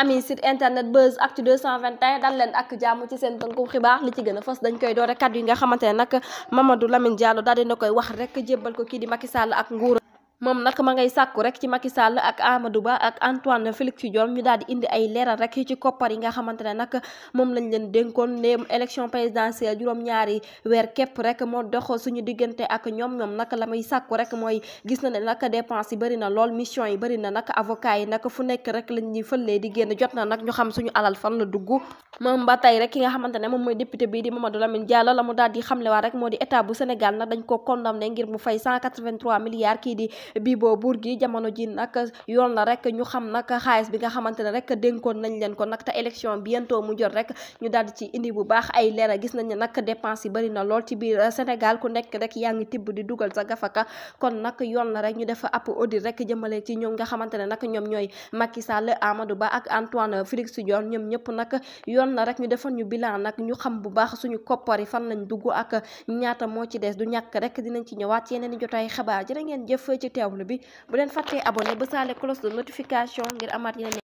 ami site internet buzz actu 221 dal leen ak jàmm ci seen tënkum xibaar li ci gën a fës dañ koy doore kaddu yi nga xamante ne nag Mamadou Lamine Diallo daal dina koy wax rek jébbal ko kii di Macky ak nguur moom nag ma ngay sàkku rek ci Macky Sall ak amadu Ba ak Antoine Félix Diome ñu daal di indi ay leeral rek ci koppar yi nga xamante ne nag moom lañ leen dénkoon ne élection présidentielle juróom-ñaari weer képp rek moo dox suñu diggante ak ñoom ñoom nag la may sàkku rek mooy gis na ne nag dépense yi bëri na lool mission yi bëri na nag avocat yi nag fu nekk rek lañ ñuy fëllee di génn jot na nag ñu xam suñu alal fan la dugg moom ba tey rek ki nga xamante ne moom mooy député bii di Mamadou Lamine Diallo la mu daal di xamlewaat rek moo di état bu Sénégal nag dañ ko condamné ngir mu fay 183 milliards kii di bi boo buur gi jamono ji nag yoon la rek ñu xam nag xaalis bi nga xamante ne rek dénkoon nañ leen kon nag te élection bientôt mu jot rek ñu daal di ci indi bu baax ay leera gis nañ ne nag dépense yi bëri na lool ci biir Sénégal ku nekk rek yaa ngi tibb di dugal sa gafaka kon nag yoon la rek ñu def ab audit rek jëmale ci ñoom nga xamante ne nag ñoom ñooy Macky Sall Amadou Ba ak Antoine Félix Diome ñoom ñëpp nag yoon la rek ñu defoon ñu bilan nag ñu xam bu baax suñu koppar yi fan lañ dugg ak ñaata moo ci des du ñàkk rek dinañ ci ñëwaat yeneen i jotaay xabaar jërë ngeen jëf ci teewlu bi bu leen fàttee abonné ba saale cloche de notification ngir amaat yeneen